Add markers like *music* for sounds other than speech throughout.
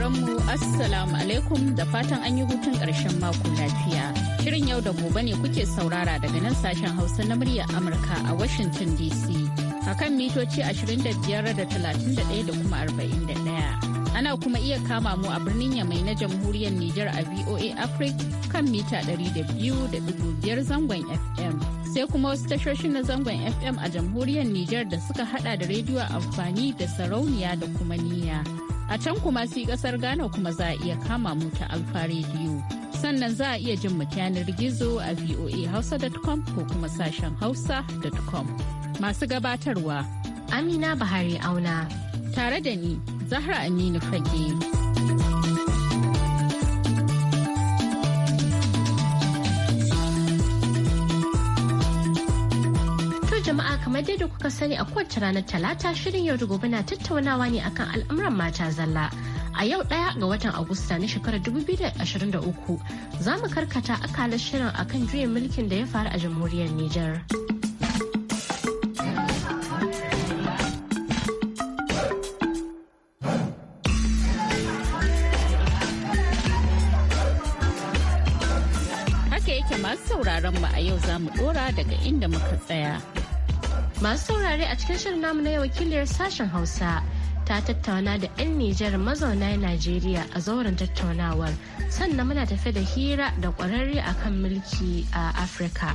sauraronmu Assalamu alaikum da fatan an yi hutun karshen mako lafiya. Shirin yau da gobe ne kuke saurara daga nan sashen Hausa na muryar Amurka a Washington DC. A kan mitoci 25 da da kuma 41. Ana kuma iya kama mu a birnin Yamai na jamhuriyar Nijar a VOA Africa kan mita 200.5 zangon FM. sai kuma wasu tashoshin na zangon FM a jamhuriyar Nijar da suka hada da rediyo amfani da sarauniya da kuma niyya. A can kuma si kasar Ghana kuma za a iya kama mu ta Alfa Radio. Sannan za a iya jin mu yanar gizo a voahausa.com ko kuma sashen hausa.com. Masu gabatarwa. Amina Bahari Auna. Tare da ni, Zahra Aminu Fage. kamar dai da kuka sani a kowace ranar talata shirin yau da gobe na tattaunawa ne akan al'amuran mata zalla. A yau daya ga watan Agusta na shekarar 2023 za mu karkata akalar shirin akan juyin mulkin da ya faru a jamhuriyar Nijar. sauraron mu a yau za mu dora daga inda muka tsaya. Masu saurare a cikin shirin namu na yau wakiliyar sashen Hausa ta tattauna da 'yan Nijar mazauna Najeriya a zauren tattaunawar sannan muna tafe da hira da kwararre akan mulki a Afirka.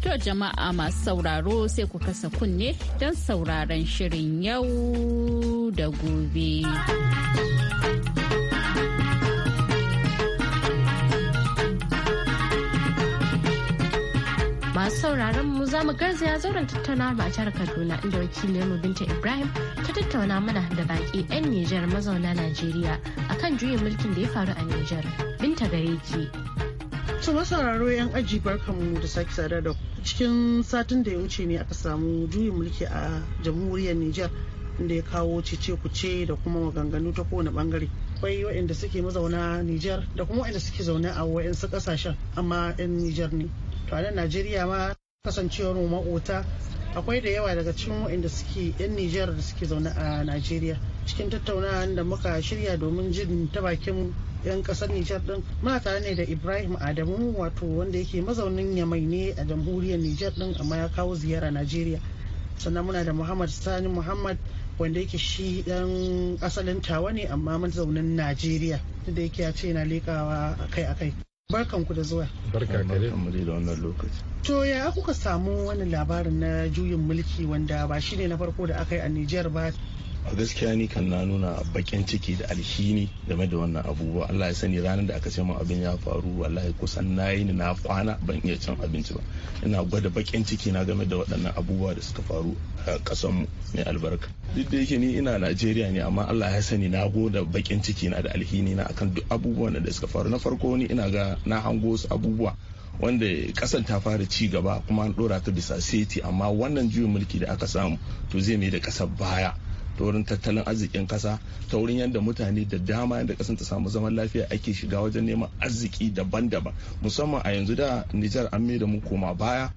To jama'a masu sauraro sai ku kasa kunne don sauraron shirin yau da gobe. masu sauraron mu za mu garzaya zauren tattauna a jihar kaduna inda wakilin mu binta ibrahim ta tattauna mana da baki 'yan nijar mazauna najeriya kan juyin mulkin da ya faru a nijar binta gare ki su masauraro yan aji barkanmu da sake sada da cikin satin da ya wuce ne aka samu juyin mulki a jamhuriyar nijar inda ya kawo cece kuce da kuma maganganu ta kowane bangare akwai waɗanda suke mazauna Nijar da kuma waɗanda suke zaune a waɗansu kasashen amma 'yan Nijar ne. to a nan najeriya ma kasancewar mu makota akwai da yawa daga cikin waɗanda suke 'yan nijar da suke zaune a najeriya cikin tattaunawa da muka shirya domin jin ta bakin 'yan kasar nijar din muna tare ne da ibrahim adamu wato wanda yake mazaunin yamai ne a jamhuriyar nijar din amma ya kawo ziyara najeriya sannan muna da muhammad sani muhammad wanda yake shi dan asalin tawa ne amma mazaunin najeriya da yake ya ce na lekawa akai-akai Barkanku da zuwa. Barka kare. da wannan lokaci. To ya kuka samu wannan labarin na juyin mulki wanda ba shi ne na farko da aka yi a Nijar ba a gaskiya ni kan na nuna bakin ciki da alhini game da wannan abubuwa Allah ya sani ranar da aka ce min abin ya faru wallahi kusan na yi ni na kwana ban iya cin abinci ba ina gwada bakin ciki na game da waɗannan abubuwa da suka faru a ƙasar mu mai albarka duk da yake ni ina Najeriya ne amma Allah ya sani na goda bakin ciki na da alhini na akan duk abubuwan da suka faru na farko ni ina ga na hango wasu abubuwa wanda kasar ta fara ci gaba kuma an dora ta bisa seti amma wannan juyin mulki da aka samu to zai mai da kasar baya ta wurin tattalin arzikin kasa ta wurin yadda mutane da dama yadda kasan ta samu zaman lafiya ake shiga wajen neman arziki daban-daban musamman a yanzu da nijar an mai da mu koma baya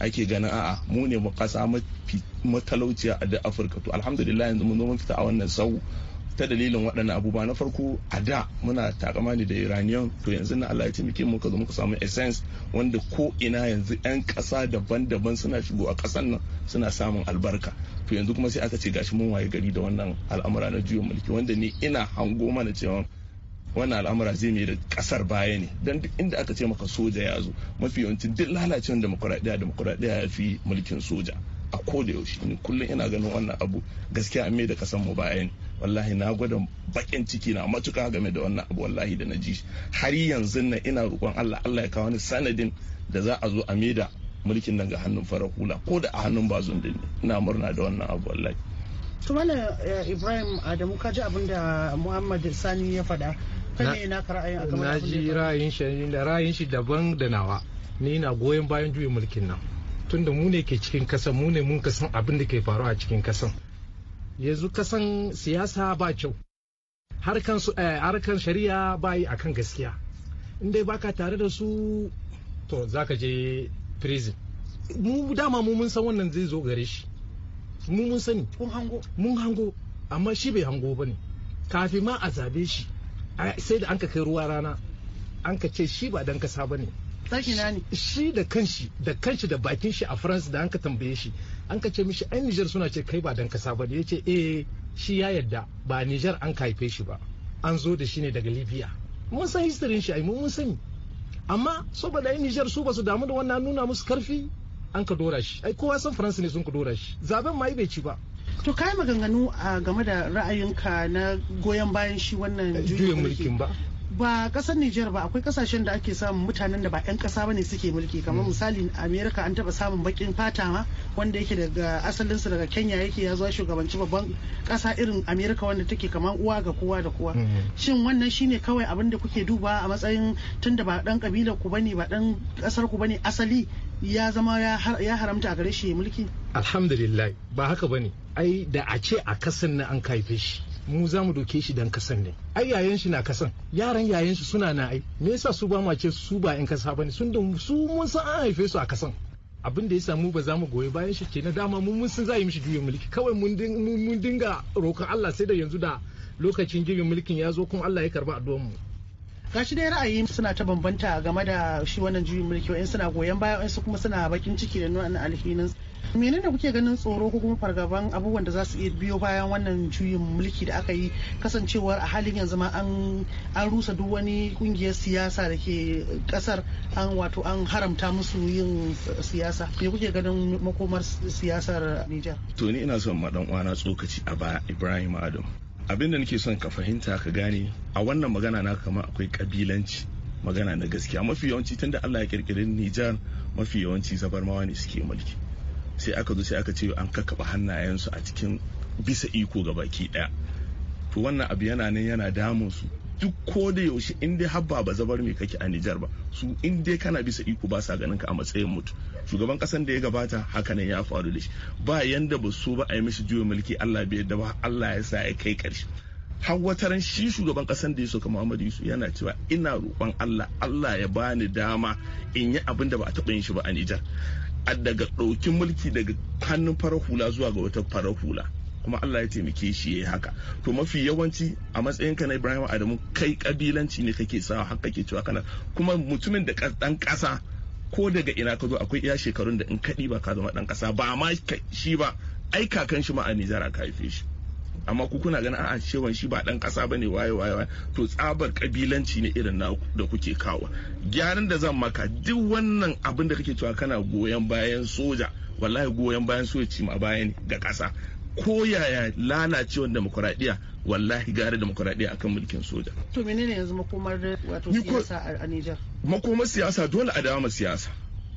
ake ganin a'a mu ne mu kasa matalauciya a da afirka to alhamdulillah yanzu mun zo mun fita a wannan sau ta dalilin waɗannan abubuwa na farko a da muna takama ne da iranian to yanzu na allah ya taimake mu ka zo muka samu essence wanda ko ina yanzu 'yan ƙasa daban-daban suna shigo a ƙasan nan suna samun albarka to yanzu kuma sai aka ce gashi mun waye gari da wannan al'amura na juyin mulki wanda ni ina hango mana cewa wannan al'amura zai mai da kasar baya ne don duk inda aka ce maka soja ya zo mafi yawancin duk lalacewar demokuraɗiyya demokuraɗiyya ya fi mulkin soja a ko da yaushe ni kullum ina ganin wannan abu gaskiya an mai da ƙasar mu baya ne wallahi na gwada bakin ciki na matuka game da wannan abu wallahi da na ji har yanzu na ina roƙon Allah Allah ya kawo ni sanadin da za a zo a maida mulkin nan ga hannun farar hula ko da a hannun bazun din ina murna da wannan abu wallahi to eh, Ibrahim Adamu ka ji abin da Muhammad Sani ya faɗa kai na ra'ayin akan na ji ra'ayin shi da ra'ayin shi daban da nawa ni na goyon bayan juyin mulkin nan tunda mu ne ke cikin kasan mu ne mun kasan abin da ke faruwa a cikin kasan yanzu ka san siyasa ba kyau harkan eh, shari'a ba yi akan gaskiya inda dai ka tare da su to za ka je prison mu dama mu mun san wannan zai zo gare shi mu mun sani mun hango amma shi bai hango ba ne kafin ma a zabe shi sai da an ka kai ruwa rana an ka ce shi ba dan kasa ba ne shi da kanshi da kanshi da bakin shi a france da an ka tambaye shi an ka ce mishi ai Nijar suna ce kai ba dan kasa ba ya ce eh shi ya yadda ba Nijar an haife shi ba an zo da shi ne daga Libya mun san history shi ai mun sani amma saboda ai Nijar su ba su damu da wannan nuna musu karfi an ka dora shi ai kowa san France ne sun ka dora shi zaben ma bai ci ba to kai maganganu a game da ra'ayinka na goyon bayan shi wannan juyin mulkin ba ba kasar Nijar ba akwai kasashen da ake samun mutanen da ba 'yan kasa ne suke mulki kamar hmm. misali Amerika an taba samun bakin fata ma wanda yake daga su daga Kenya yake ya zuwa shugabanci babban kasa irin Amerika wanda take kamar uwa ga kowa da kowa hmm. shin wannan shine kawai abin da kuke duba a matsayin tunda ba dan kabilar ku bane ba dan kasar ku bane asali ya zama ya haramta a gare shi mulki alhamdulillah ba haka bane ai da a ce a kasan nan an kaife shi mu za mu doke shi dan kasan ne ai yayan shi na kasan yaran yayan shi suna na ai me yasa su ba mu ce su ba yan kasa bane sun su mun san an haife su a kasan abin da ya samu ba za mu goyi bayan shi ke na dama mun mun sun za yi mishi juyin mulki kawai mun dinga roƙon Allah sai da yanzu da lokacin juyin mulkin ya zo kuma Allah ya karba addu'ar mu gashi dai ra'ayi suna ta bambanta game da shi wannan juyin mulki wa'in suna goyon baya wa'in kuma suna bakin ciki da nuna alhinin menene da kuke ganin tsoro ko kuma fargaban abubuwan da za su iya biyo bayan wannan juyin mulki da aka yi kasancewar a halin yanzu ma an rusa duk wani kungiyar siyasa da ke kasar an wato an haramta musu yin siyasa me kuke ganin makomar siyasar Nijar? to ni ina son madan uwana tsokaci a baya Ibrahim Adam abin da nake son ka fahimta ka gane a wannan magana na kama akwai kabilanci magana na gaskiya mafi yawanci tunda Allah ya kirkiri Nijar mafi yawanci zabarmawa ne suke mulki sai aka zo sai aka ce an hannayen hannayensu a cikin bisa iko ga baki ɗaya to wannan abu yana nan yana damun su duk ko da yaushe inda dai habba ba zabar mai kake a Nijar ba su in dai kana bisa iko ba sa ganin ka a matsayin mutu shugaban kasan da ya gabata haka nan ya faru da shi ba yanda ba so ba a yi mishi juya mulki Allah bai da ba Allah ya sa ya kai karshe har wataran shi shugaban kasan da ya soka Muhammadu Yusuf yana cewa ina roƙon Allah Allah ya bani dama in yi abin da ba a taɓa yin shi ba a Nijar daga ɗaukin mulki daga hannun farar hula zuwa ga wata farar hula kuma Allah ya taimake shi yayi haka to mafi yawanci a matsayinka na Ibrahim Adamu kai kabilanci ne kake sawa har kake cewa kana kuma mutumin da ɗan ƙasa ko daga ina ka zo akwai iya shekarun da in kaɗi ba ka zama ɗan ƙasa ba ma shi ba ai kakan shi ma a Nijar aka haife shi amma ku kuna ganin a'a cewa shi ba dan kasa bane waye waye to tsabar kabilanci ne irin na da kuke kawo gyaran da zan maka duk wannan abin da kake cewa kana goyon bayan soja wallahi goyon bayan soja ci ma baya ne ga kasa ko yaya lalacewar demokuraɗiyya wallahi gare demokuraɗiyya akan mulkin soja. To menene yanzu makomar wato siyasa a Niger Makomar siyasa dole a dawo siyasa.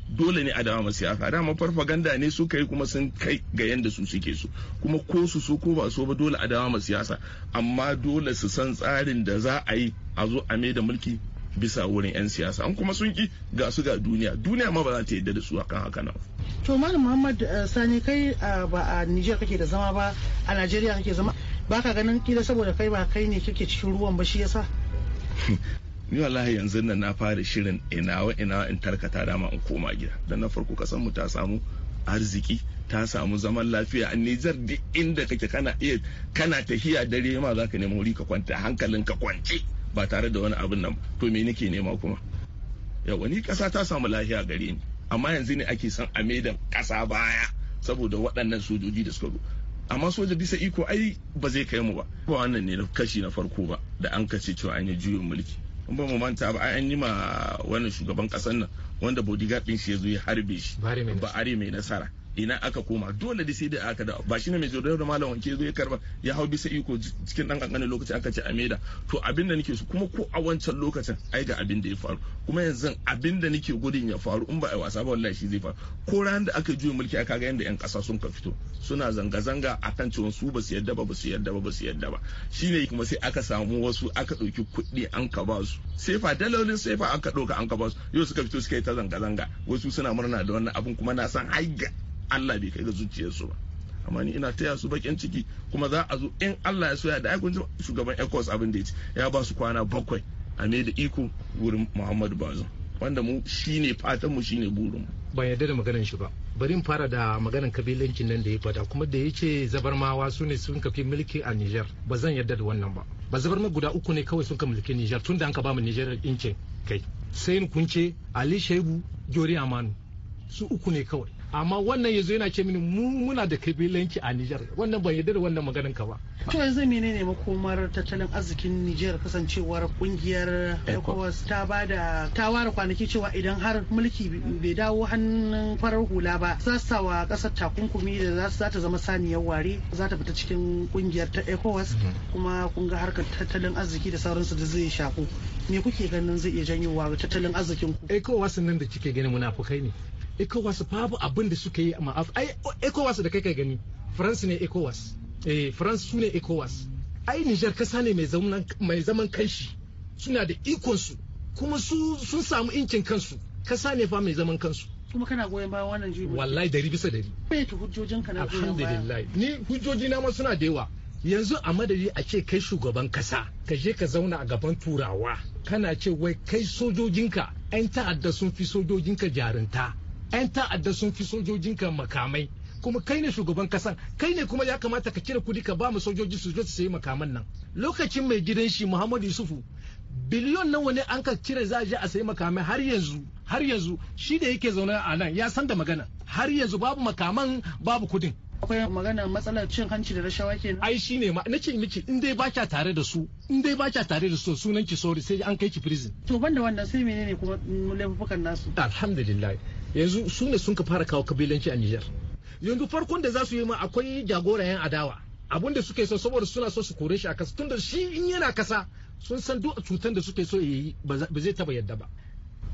dole ne a dama masu yafa dama farfaganda ne suka yi kuma sun kai ga yadda su suke so kuma ko su so ko ba so ba dole a dama masu siyasa amma dole su san tsarin da za a yi a zo a mai da mulki bisa wurin 'yan siyasa an kuma sun ki ga su ga duniya duniya ma ba za ta yadda da su akan haka nan to malam muhammad eh, sani kai eh, ba a niger kake da zama ba a nigeria kake zama ba ka ganin kila saboda kai ba kai ne kake cikin ruwan ba shi yasa *laughs* ni wallahi yanzu nan na fara shirin ina wa ina in tarkata dama in koma gida dan na farko kasan mu ta samu arziki ta samu zaman lafiya a Nijar duk inda kake kana iya kana tahiya dare ma zaka nemi wuri ka kwanta hankalin ka kwance ba tare da wani abin nan to me nake nema kuma yawa ni kasa ta samu lafiya gare ni amma yanzu ne ake son a maida kasa baya saboda waɗannan sojoji da suka zo amma soja bisa iko ai ba zai kai mu ba ba wannan ne kashi na farko ba da an kace cewa an yi juyin mulki in ba mu manta ba an yi ma wannan shugaban kasar nan wanda bodyguard din shi ya zo ya harbe shi ba are mai nasara ina aka koma dole da sai da aka da ba shine mai jordan da malam wanke zo ya karba ya hau bisa iko cikin dan kankanin lokaci aka ce ameda to abin da nake so kuma ko a wancan lokacin ai ga abin da ya faru kuma yanzu abin da nake gudun ya faru in ba a wasa ba wallahi shi zai faru ko ran da aka juya mulki aka ga yanda yan kasa sun ka fito suna zanga zanga akan cewa su ba su yadda ba ba su yadda ba ba su yadda ba shine kuma sai aka samu wasu aka dauki kuɗi an ka ba su sai fa dalolin sai fa aka dauka an ka ba su yau suka fito suka yi ta zanga zanga wasu suna murna da wannan abin kuma na san ai Allah bai kai ga zuciyarsu ba amma ni ina taya su bakin ciki kuma za a zo in Allah ya soya da aikun shugaban ecos abin da ya ba su kwana bakwai a me da iko wurin Muhammadu Bazum wanda mu shine fatan mu shine burin ba ban yarda da maganar shi ba bari in fara da maganar kabilancin nan da ya fada kuma da ya ce zabarmawa su ne sun kafi mulki a Niger ba zan yarda da wannan ba ba zabarma guda uku ne kawai sun ka mulki Niger tun da an ka ba mu Niger incin kai sai kunce Ali Shehu Jori Amanu su uku ne kawai amma wannan yanzu yana ce mini mu muna da kabilanci a Nijar wannan ban yarda da wannan maganin ka ba to yanzu menene makomar tattalin arzikin Nijar kasancewar kungiyar ECOWAS ta bada ta ware kwanaki cewa idan har mulki bai dawo hannun farar hula ba za su sawa kasar takunkumi da za ta zama saniyar ware za ta fita cikin kungiyar ta ECOWAS mhm. kuma kun ga harkar tattalin arziki da sauransu da zai shafu me kuke ganin zai iya janyowa tattalin arzikin ku ECOWAS nan da kike ganin munafukai ne ECOWAS babu abin da suka yi ma ai ECOWAS da kai ka gani France ne ECOWAS eh France su ne ECOWAS ai Niger kasa ne mai zaman mai zaman kanshi suna da ikon su kuma su sun samu incin kansu kasa ne fa mai zaman kansu kuma kana goyon bayan wannan juyi wallahi dari bisa dari me to hujjojin ka na alhamdulillah ni hujjoji na ma suna da yawa yanzu a madadi a ce kai shugaban kasa ka je ka zauna a gaban turawa kana ce wai kai sojojinka 'yan ta'adda sun fi sojojinka jarinta 'yan ta'adda sun fi sojojinka makamai kuma kai ne shugaban kasan kai ne kuma ya kamata ka cire kudi ka ba mu sojoji su zo su sayi makaman nan lokacin mai gidan shi muhammadu yusufu biliyon nawa wani an ka cire za a je a sayi makamai har yanzu har yanzu shi da yake zaune a nan ya san da magana har yanzu babu makaman babu kudin akwai magana matsalar cin hanci da rashawa kenan ai ne ma nake miki in dai ba tare da su in dai ba tare da su sunan ki sori sai an kai ki prison to banda wannan sai menene kuma laifukan nasu alhamdulillah yanzu su ne sun ka fara kawo kabilanci a Nijar. yanzu farkon da za su yi ma akwai jagorayen adawa abun da suke so saboda suna so su kore shi a kasa tunda shi in yana kasa sun san duk cutar da suke so ya yi ba zai taba yadda ba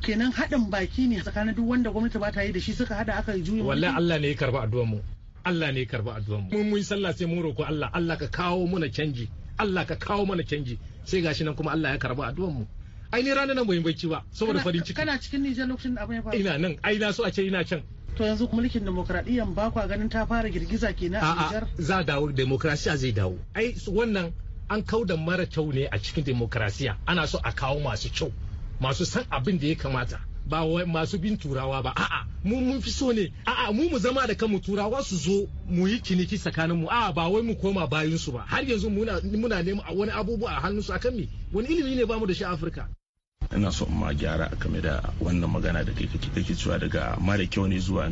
kenan haɗin baki ne tsakanin duk wanda gwamnati ba ta yi da shi suka hada aka juya wallahi Allah ne ya karba addu'ar mu Allah ne karba addu'an mu mun sallah sai mun roko Allah Allah ka kawo mana canji Allah ka kawo mana canji sai gashi nan kuma Allah ya karba addu'an mu ai ni ranar nan bai bacci ba saboda farin ciki kana cikin Nijar lokacin da abin ya faru ina nan ai na so a ce ina can to yanzu mulkin demokradiyyan ba kwa ganin ta fara girgiza kenan a Niger za dawo demokrasiya zai dawo ai wannan an kau da mara kyau ne a cikin demokrasiya ana so a kawo masu kyau masu san abin da ya kamata ba masu bin turawa ba a'a mu mun fi so ne a'a mu mu zama da kanmu turawa su zo mu yi ciniki tsakanin mu a'a ba wai mu koma bayan su ba har yanzu muna muna neman wani abubuwa a hannun su akan me wani ilimi ne bamu da shi a Afirka ina so ma gyara game da wannan magana da kai kake cewa daga mara kyau ne zuwa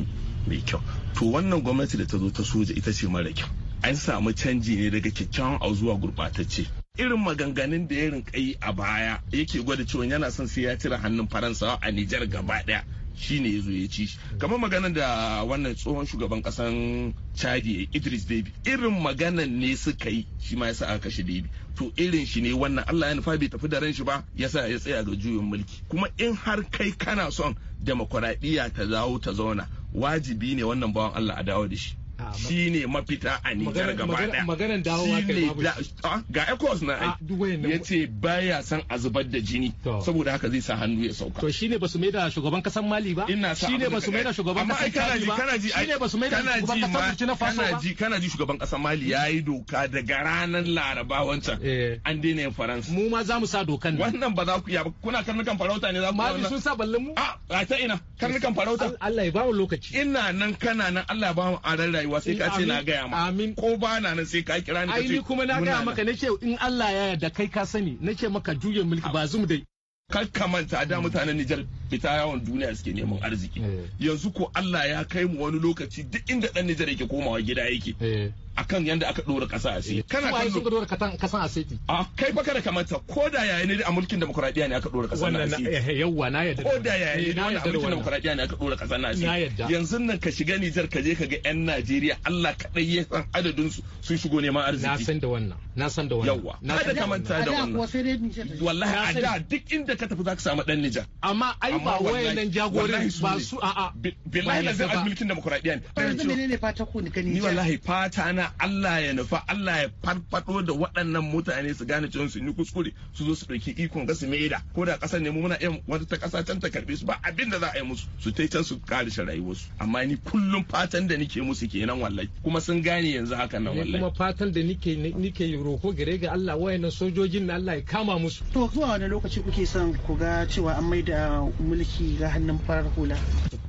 mai kyau to wannan gwamnati da ta zo ta soja ita ce mara kyau an samu canji ne daga kyakkyawan a zuwa gurɓatacce irin maganganun da ya rinka yi a baya yake gwada cewa yana son sai ya cire hannun faransa a nijar gaba daya shi ne ya zo ya ci kamar maganar da wannan tsohon shugaban kasan chadi idris debi irin maganar ne suka yi shi ma yasa aka kashe debi to irin shi ne wannan allah ya nufa bai tafi da ran shi ba yasa ya tsaya ga juyin mulki kuma in har kai kana son demokuraɗiyya ta dawo ta zauna wajibi ne wannan bawan allah a dawo da shi shi ne mafita a Nijar gaba daya maganan dawowa kai babu ah, ga ecos na ah, ya ce baya san a zubar da jini saboda haka zai sa hannu ya sauka to shine basu mai da shugaban kasan Mali ba ina sa shine basu mai da shugaban kasan Mali ba kana ji shine basu mai da shugaban kasan Burkina Faso ba kana ji kana ji shugaban kasan Mali yayi doka daga ranar Laraba wancan eh. an daina yin Faransa mu ma za mu sa dokan wannan ba za ku ya. kuna karnukan farauta ne za ku Mali sun sa ballin mu ah, a ta ina karnukan farauta Allah ya ba mu lokaci ina nan kana nan Allah ya ba mu aran rayuwa rayuwa sai eh, ka ce na gaya ma amin ko ba na nan sai ka kira ni ka ce kuma na gaya maka nace in Allah ya yarda kai ka sani nace maka juyin mulki ba zum dai manta da mutanen Nijar fita yawon duniya suke neman arziki eh. yanzu ko Allah ya kai mu wani lokaci duk inda dan Nijar yake komawa gida yake eh. akan yanda aka dora kasa a sai eh. kana kai suka dora kasan a sai a kai baka da kamanta ko da yayin ne a mulkin demokradiya ne aka dora kasa na sai yawa na yadda ko da yayin ne a mulkin demokradiya ne aka dora kasa na sai yanzu nan ka shiga Nijar ka je ka ga yan Najeriya Allah kadai ya san adadin su sun shigo neman arziki na san da wannan na san da wannan yawa kada kamanta da wannan wallahi a da duk inda ka tafi za ka samu dan Nijar. Amma ai ba wayannan jagorin ba su a a. na zai mulkin demokuraɗiyya ne. Yanzu ne fata ku ga Nijar? Ni wallahi fata na Allah ya nufa Allah ya farfado da waɗannan mutane su gane cewa su yi kuskure su zo su ɗauki ikon ga su maida. Ko da ƙasar ne mu muna iya wata ta ƙasa can ta karɓe su ba abin da za a yi musu su ta can su ƙarishe rayuwarsu. Amma ni kullum fatan da nike musu kenan wallahi kuma sun gane yanzu hakan nan wallahi. Kuma fatan da nike nike roko gare ga Allah wayannan sojojin na Allah ya kama musu. To zuwa wani lokaci kuke son son ku ga cewa an maida mulki ga hannun farar hula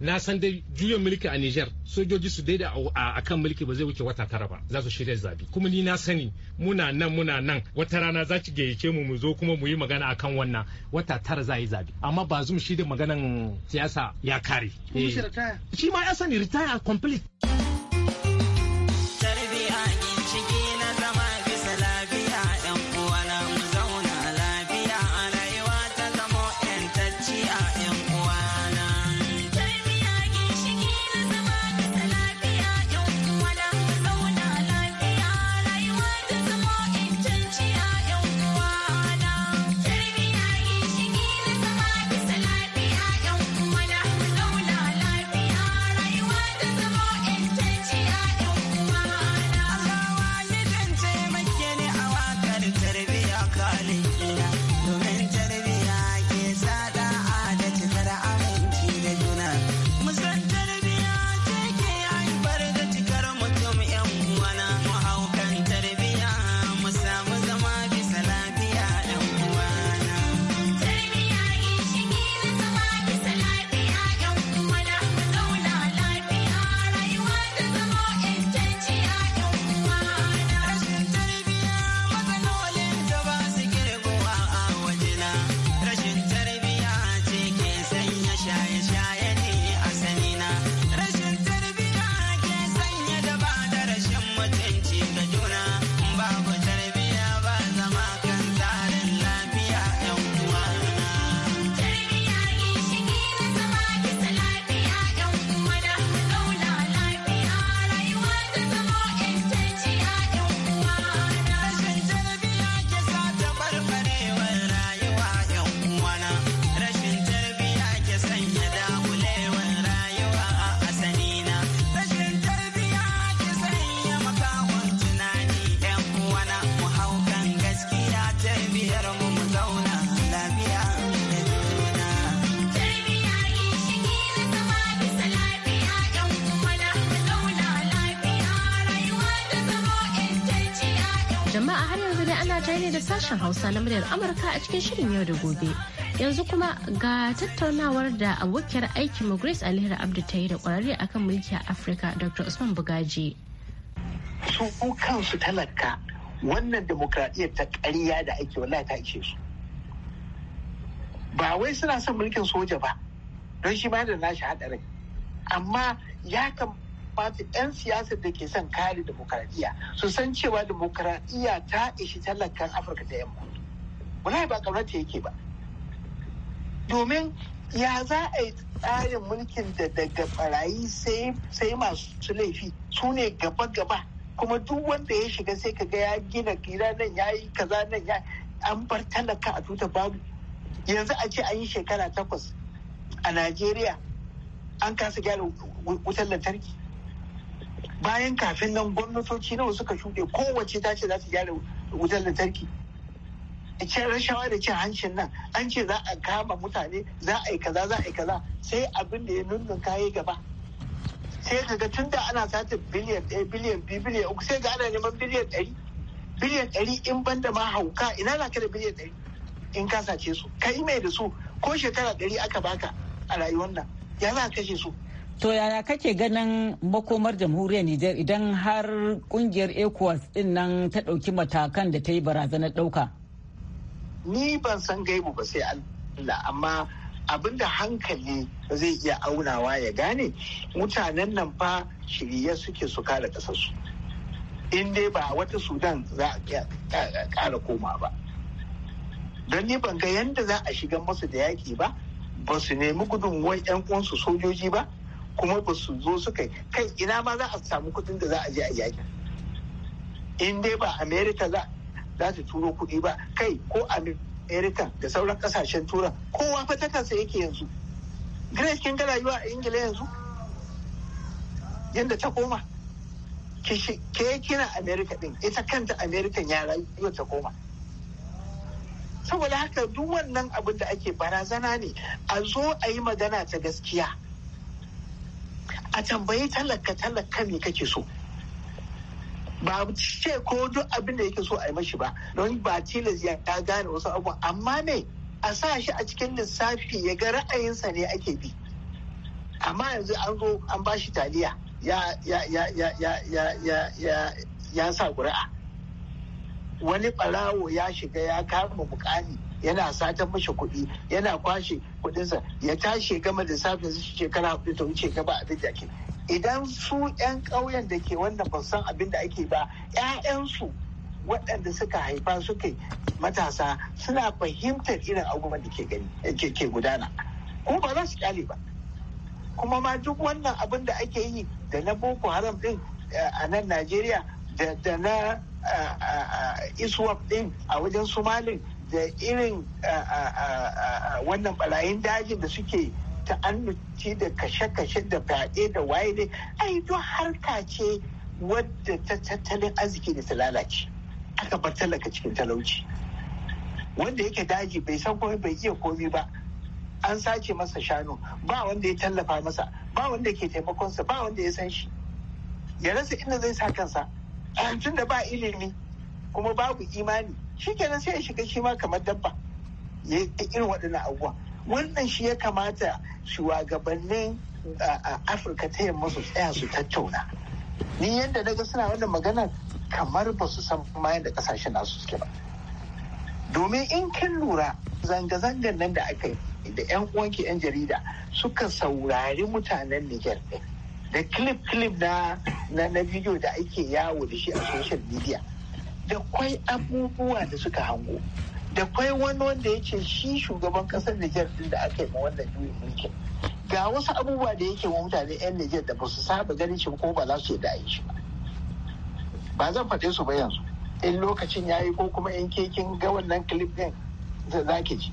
na san dai juyin mulki a Niger sojoji su daida a kan mulki ba zai wuce wata tara ba za su shirya zabi kuma ni na sani muna nan muna nan wata rana za ci gayyace mu mu zo kuma mu yi magana akan wannan wata tara za yi zabi amma ba zum shi da maganan siyasa ya kare eh. shi ma ya sani retire complete sashen Hausa na muryar Amurka a cikin shirin yau da gobe. Yanzu kuma ga tattaunawar da abokiyar aikin Grace Alhira Abdu ta yi da kwararre kan mulki a Afirka Dr. Usman Bugaji. Su kansu talaka wannan demokradiyyar ta ƙarya da ake wallahi ta ishe su. Ba wai suna son mulkin soja ba, don shi ma da nashi haɗarin. Amma ya kamata kamata 'yan siyasar da ke son kare demokaradiyya su san cewa demokaradiyya ta ishi talakan afirka da yamma wallahi ba kamata yake ba domin ya za a yi tsarin mulkin da daga barayi sai masu laifi su ne gaba-gaba kuma duk wanda ya shiga sai ka ga ya gina gida nan ya yi kaza nan ya an bar talaka a tuta babu yanzu a ce an yi shekara takwas a najeriya an kasa gyara wutar lantarki bayan kafin nan gwamnatoci nawa suka shuɗe kowace ta ce za su gyara wutar lantarki cin rashawa da cin hancin nan an ce za a kama mutane za a yi kaza za a yi kaza sai abin da ya nunnun kayi gaba sai ka ga tunda ana sata biliyan ɗaya biliyan biyu biliyan uku sai ga ana neman biliyan ɗari biliyan ɗari in ban da ma hauka ina na ka biliyan ɗari in ka sace su ka yi mai da su ko shekara ɗari aka baka a rayuwar nan ya za ka kashe su To yaya kake ganin makomar jamhuriyar Nijar idan har kungiyar ECOWAS din nan ta ɗauki matakan da ta yi barazanar ɗauka? Ni ban san gaibu ba sai Allah amma da hankali zai iya aunawa ya gane mutanen nan fa shirye suke su kare ƙasarsu. In dai ba wata Sudan za a ƙara koma ba. Don ni ban ga yadda za a shiga masu da yaƙi ba, ba su nemi gudunmuwan 'yan uwansu sojoji ba, kuma ba su zo suka kai ina ma za a samu kuɗin da za a je a yaki in dai ba america za za ta turo kuɗi ba kai ko america da sauran kasashen tura kowa fa ta kansa yake yanzu grace kin ga rayuwa a ingila yanzu yadda ta koma ke kina america din ita kanta america ya rayuwa ta koma saboda haka duk wannan abin da ake barazana ne a zo a yi magana ta gaskiya a tambayi talaka talaka ne kake so ba ce ko duk abin da yake so a yi mashi ba don ba tilas ya gane wasu abu. amma ne a sa shi a cikin lissafi ya ga ra'ayinsa ne ake bi amma yanzu an zo an ba shi taliya ya ya ya ya ya ya ya ya sa ƙuri'a wani ɓarawo ya shiga ya kama mukami yana satan mashi kuɗi yana kwashe kuɗinsa ya tashi gama da safe su shekara hudu ta wuce gaba abin da ke idan su yan ƙauyen da ke wannan ba san abin da ake ba ƴaƴansu waɗanda suka haifa suka matasa suna fahimtar irin abubuwan da ke gani ke gudana kuma ba za su kyale ba kuma ma duk wannan abin da ake yi da na boko haram din eh, a nan najeriya da na eh, eh, isuwa din a wajen somalin da irin wannan balayin dajin da suke ta'annuci da kashe-kashe da fyaɗe da waye ne ai duk harka ce wadda ta tattalin arziki da ta lalace aka bar talaka cikin talauci wanda yake daji bai san komai bai iya komi ba an sace masa shanu ba wanda ya tallafa masa ba wanda ke taimakonsa ba wanda ya san shi ya rasa inda zai sa kansa tun da ba ilimi kuma babu imani shi kenan sai ya shiga shi ma kamar dabba ya yi irin waɗannan abubuwa wannan shi ya kamata shugabannin afirka ta yamma su tsaya su tattauna ni yadda na ga suna wannan magana kamar ba su san ma yadda kasashen nasu suke ba domin in kin lura zanga-zangar nan da aka yi da 'yan uwanki 'yan jarida suka saurari mutanen niger da clip-clip na na bidiyo da ake yawo da shi a social media da kwai abubuwa da suka hango da kwai wani wanda ya ce shi shugaban kasar Nijar din da aka yi ma wannan juyin ga wasu abubuwa da yake wa mutane 'yan Nijar da ba su saba ganin shi ko ba za su yadda yi shi ba ba zan faɗe su ba yanzu in lokacin ya yi ko kuma in kekin ga wannan clip din za zaki ji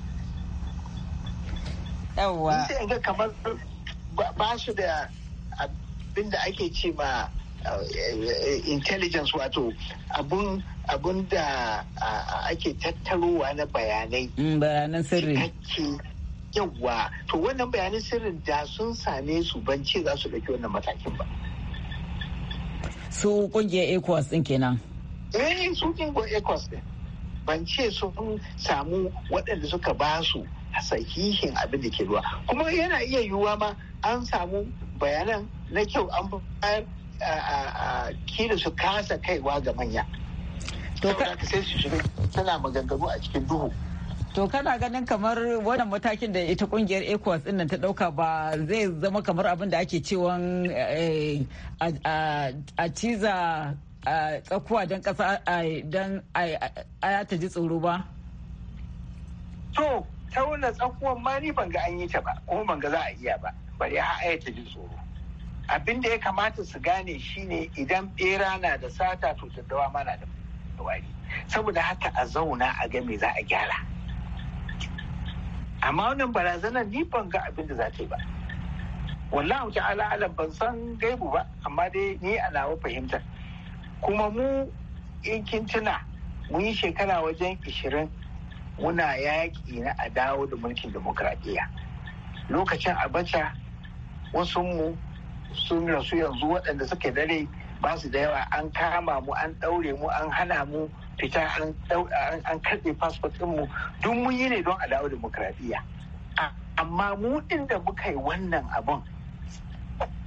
yawwa sai ga kamar ba su da abin da ake ce ma Uh, intelligence wato abun abun da ake tattarowa na bayanai mm, bayanan sirri yawa to wannan bayanan sirrin da sun same su ban ce za su ɗauki wannan matakin ba su kungiyar ecos din kenan eh su kungiyar ecos din ban ce sun samu waɗanda suka ba su sahihin abin da ke ruwa kuma yana iya yiwuwa ma an samu bayanan na kyau an bayar kila su kasa kaiwa ga manya ka sai su shiga tana maganganu a cikin duhu To kana ganin kamar wannan matakin da ita kungiyar ECOWAS din nan ta dauka ba zai zama kamar abin da ake cewa eh, eh, a ciza tsakuwa don kasa don aya ta ji tsoro ba? To, tauna tsakuwan ma ni ban ga an yi ta ba, kuma ban ga za a iya ba, bari ha aya ta ji tsoro. abin da ya kamata su gane shine idan bera na da sata to daddawa mana da wari saboda haka a zauna a ga me za a gyara amma wannan barazanar ni ban ga abin da za ta yi ba wallahu ta'ala alam ban san gaibu ba amma dai ni a nawa fahimtar kuma mu in kin tuna mun yi shekara wajen ishirin muna yaƙi na a dawo da mulkin demokradiyya lokacin abacha wasu mu sun rasu yanzu waɗanda suke dare ba su da yawa an kama mu an ɗaure mu an hana mu fita an karɓe fasfot mu duk mun yi ne don a dawo demokradiyya amma mu inda muka yi wannan abun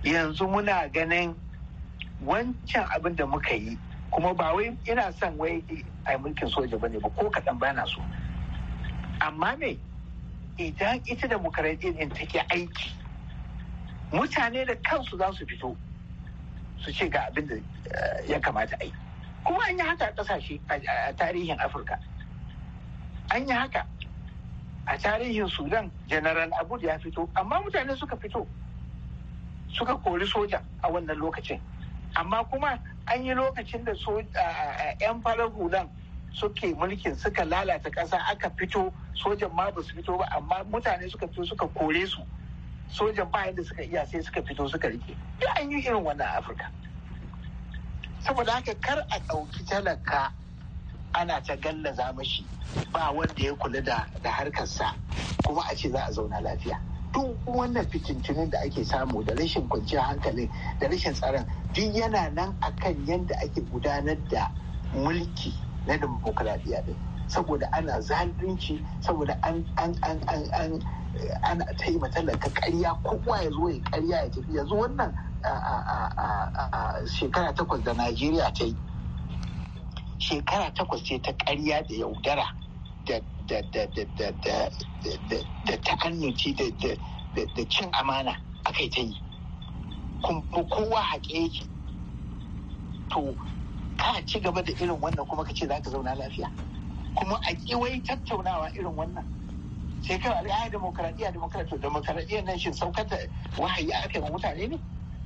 yanzu muna ganin wancan abin da muka yi kuma ba wai ina son wai a mulkin soja bane ba ko kaɗan bana so amma me idan ita da in take aiki mutane da kansu za su fito su ce ga abin da eh, ya kamata a yi kuma an yi haka a ƙasashe a tarihin afirka an yi haka a tarihin sudan general abud ya fito amma mutane suka fito suka kori soja a wannan lokacin amma kuma an yi lokacin da 'yan farar hudan suke mulkin suka lalata ƙasa aka fito sojan ma ba su fito ba amma mutane suka fito suka kore su sojan bayan da suka iya sai suka fito suka rike duk an yi irin wannan afirka saboda haka kar a ɗauki talaka ana ta gallaza mashi ba wanda ya kula da da harkarsa kuma a ce za a zauna lafiya duk wannan fitintunin da ake samu da rashin kwanciyar hankalin da rashin tsaron duk yana nan akan yadda ake gudanar da mulki na dimokuraɗiyya din saboda ana zalunci saboda an ana ta yi karya kowa ya zo ya karya ya tafi yanzu wannan shekara takwas da najeriya ta yi shekara takwas ce ta karya da yaudara da ta'annuci da cin amana aka yi ta yi kuma kowa haƙe yake to ka ci gaba da irin wannan kuma ka ce za ka zauna lafiya kuma a ƙiwai tattaunawa irin wannan sai kawai al'ayi demokradiyya demokradiyya demokradiyya nan shi saukar da wahayi aka yi mutane ne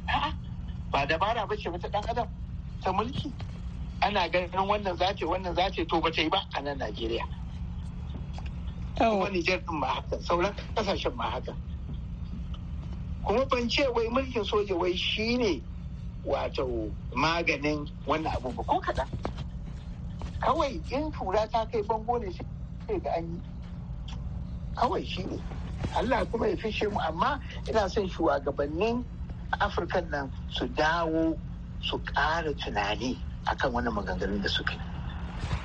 a'a ba dabara ba ce ta dan adam ta mulki ana ganin wannan zace wannan zace to ba ta yi ba a nan Najeriya kuma Nijar din ma haka sauran kasashen ma haka kuma ban ce wai mulkin soja wai shi ne wato maganin wannan abu ba ko kaɗan kawai in tura ta kai bango ne sai ga an yi kawai shi ne Allah kuma ya fishe mu amma ina son shugabannin afirka nan su dawo su ƙara tunani akan wani maganganun da suke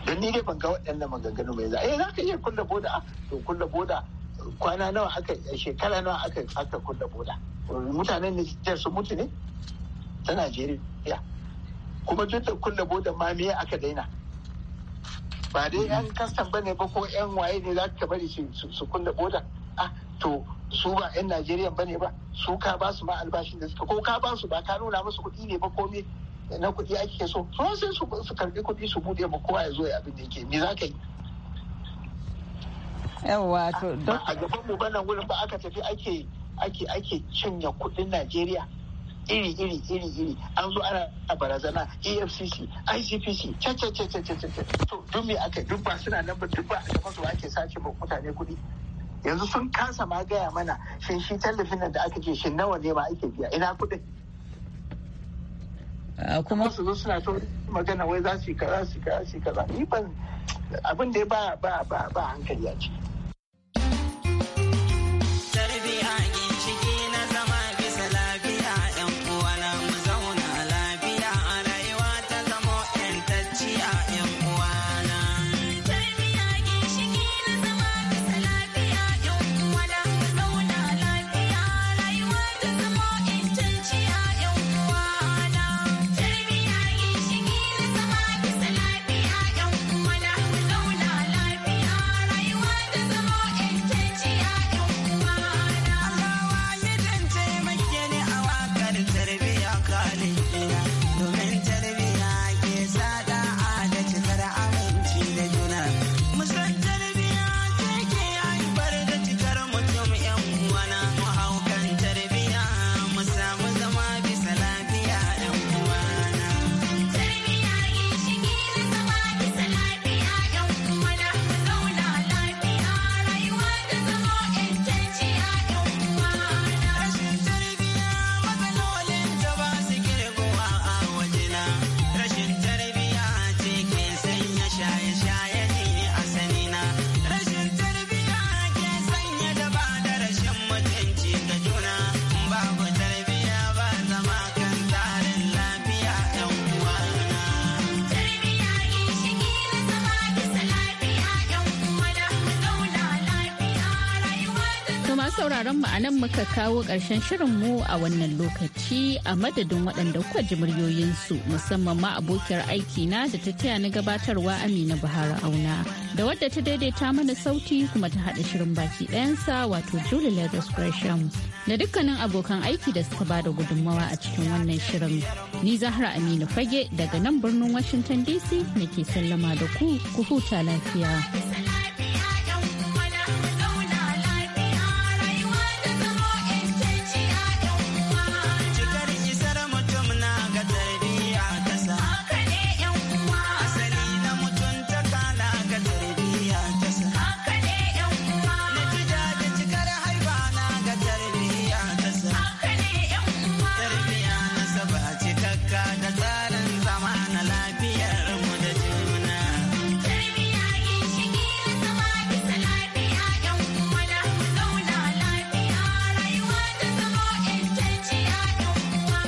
don ni dai ban ga waɗannan maganganu mai za eh za ka iya kulle boda to kulle boda kwana nawa aka eh, shekara nawa aka aka kulle boda mutanen Nijar su mutu ne ta Najeriya kuma duk da kulle boda ma me aka daina ba dai yan kastan bane ba ko yan waye ne za ka bari su kunna boda a ah, to su ba yan najeriya bane ba su ka ba su ma albashin da suka ko ka ba su ba ka nuna musu kuɗi ne ba komai na kuɗi ake so to sai su karbi kuɗi su bude ma kowa ya zo ya abin da yake me za ka yi yawa to ah, a gaban mu bana wurin ba aka tafi ake ake ake cinye kuɗin najeriya iri iri iri iri an zo ana barazana efcc icpc cece to duk mai aka duk ba suna nan ba duk ba a masu ake sace ba mutane kuɗi yanzu sun kasa ma gaya mana shin shi tallafin nan da aka ce shin nawa ne ma ake biya ina kuɗin kuma su zo suna so magana wai za su yi kaza su yi kaza su yi kaza ni ban abin da ba ba ba hankali a ciki a nan muka kawo ƙarshen shirinmu a wannan lokaci a madadin waɗanda kuka ji muryoyinsu musamman ma abokiyar aiki na da ta taya ni gabatarwa Amina Bahara Auna da wadda ta daidaita mana sauti kuma ta haɗa shirin baki ɗayansa wato Julie Lagos Gresham da dukkanin abokan aiki da suka bada gudunmawa a cikin wannan shirin. Ni Zahra Aminu Fage daga nan birnin Washington DC nake sallama da ku ku huta lafiya.